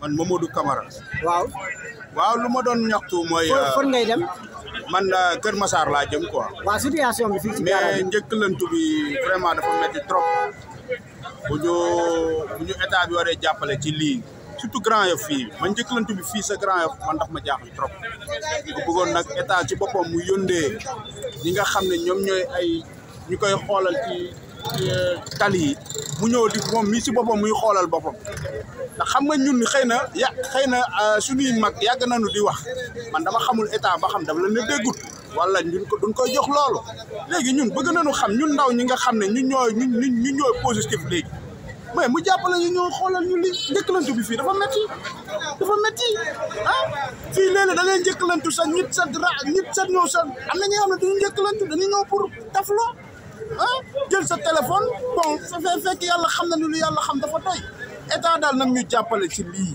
man momodou camara waaw waaw lu ma doon ñaxtu mooy fan euh, ngay dem man la euh, kër masar laa jëm quoi waa situation bi fii ci mais njëkklantu bi vraiment dafa metti trop bu ñu bu ñu état bi waree jàppale ci lii surtout grand yof fii man njëkklantu bi fii sa grand yof man ndax ma jaaxal trop nga bëggoon nag état ci boppam mu yóndee ñi nga xam ne ñoom ñooy ay ñu koy xoolal ci euh, tali yi mu ñëw di moom mii si boppam muy xoolal boppam ndax xam nga ñun xëy na ya xëy na euh, suñuy mag yàgg nañu di wax man dama xamul état ba xam dafa la ne déggut wala ñun ko duñ koy jox loolu léegi ñun bëgg na nañu xam ñun ndaw ñi nga xam ne ñu ñooy ñu ñu ñooy positif léegi mais mu jàppale ñu ñoo xoolal ñu li njëkkalantu bi fii dafa metti dafa metti ah fii léeg-léeg da ngay njëkkalantu sa nit sa dra nit sa ñëw sa am na ñoo xam ne duñu njëkkalantu dañu ñëw pour tafloo ah jël sa téléphone bon su fekk yàlla xam na ni lu yàlla xam dafa doy état daal nag ñu jàppale ci lii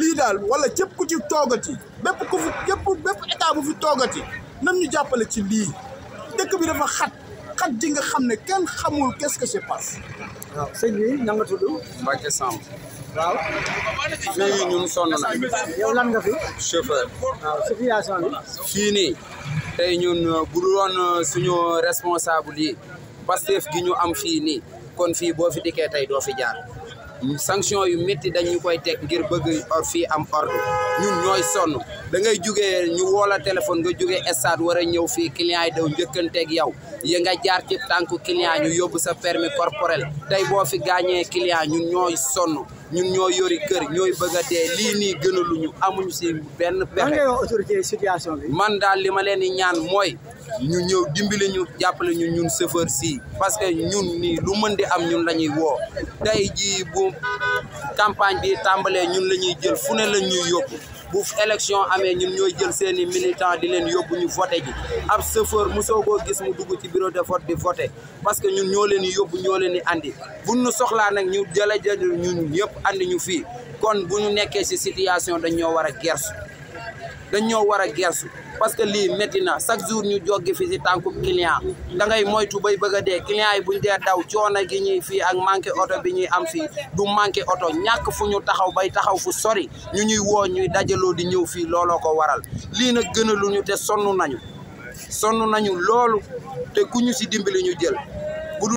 lii daal wala cëpp ku ci toogati bépp ku fi bépp bépp état bu fi toogati nam ñu jàppale ci lii dëkk bi dafa xat. kat di nga xamne ken xamul qu'est-ce que se passe waaw seigne bi ñang nga tuddu mbacke sam waaw seigne ñu sonna na yow lan nga fi chauffeur waaw situation bi fini ni tay eh, ñun eh, bu doon eh, suñu responsable yi pastef gi ñu am fini kon fi bo fi dikke tay do fi jaar sanction yu métti dañu koy teg ngir bëgg or fii am ordre ñun ñooy sonn da ngay jugee ñu woola téléphone nga jugee stade war a ñëw fii client yi daw njëkkanteeg yow yi nga jaar ci tànku client ñu yóbbu sa permis corporel tey boo fi gaañee client ñun ñooy sonn ñun ñoo yori kër ñooy bëgg a dee lii nii gënaluñu amuñu si benn pexe autorité situation bi man daal li ma leen di ñaan mooy ñu ñëw dimbali ñu jàppale ñun chauffeur si parce que ñun ni lu mën di am ñun la ñuy woo tey jii bu campagne bi tàmbalee ñun la ñuy jël fu ne la ñuy yóbbu bu élection amee ñun ñooy jël seen i militant di leen yóbbu ñu voté ji ab chauffeur mosoo koo gis mu dugg ci bureau de vote di voté parce que ñun ñoo leen di yóbbu ñoo leen di andi buñ ñu soxlaa nag ñu jële jël ñun ñëpp andi ñu fii kon bu ñu nekkee si situation dañ ñoo war a gersu dañ ñoo war a gersu parce que lii métti na chaque jour ñu joggi fi si tànku client dangay moytu bay bëgg a dee client yi buñ dee daw coono gi ñuy fii ak manqué oto bi ñuy am fii du manqué oto ñàkk fu ñu taxaw bay taxaw fu sori ñu ñuy woo ñuy dajaloo di ñëw fii looloo ko waral lii nag gën a ñu te sonnu nañu sonnu nañu loolu te ku ñu si dimbali ñu jël bu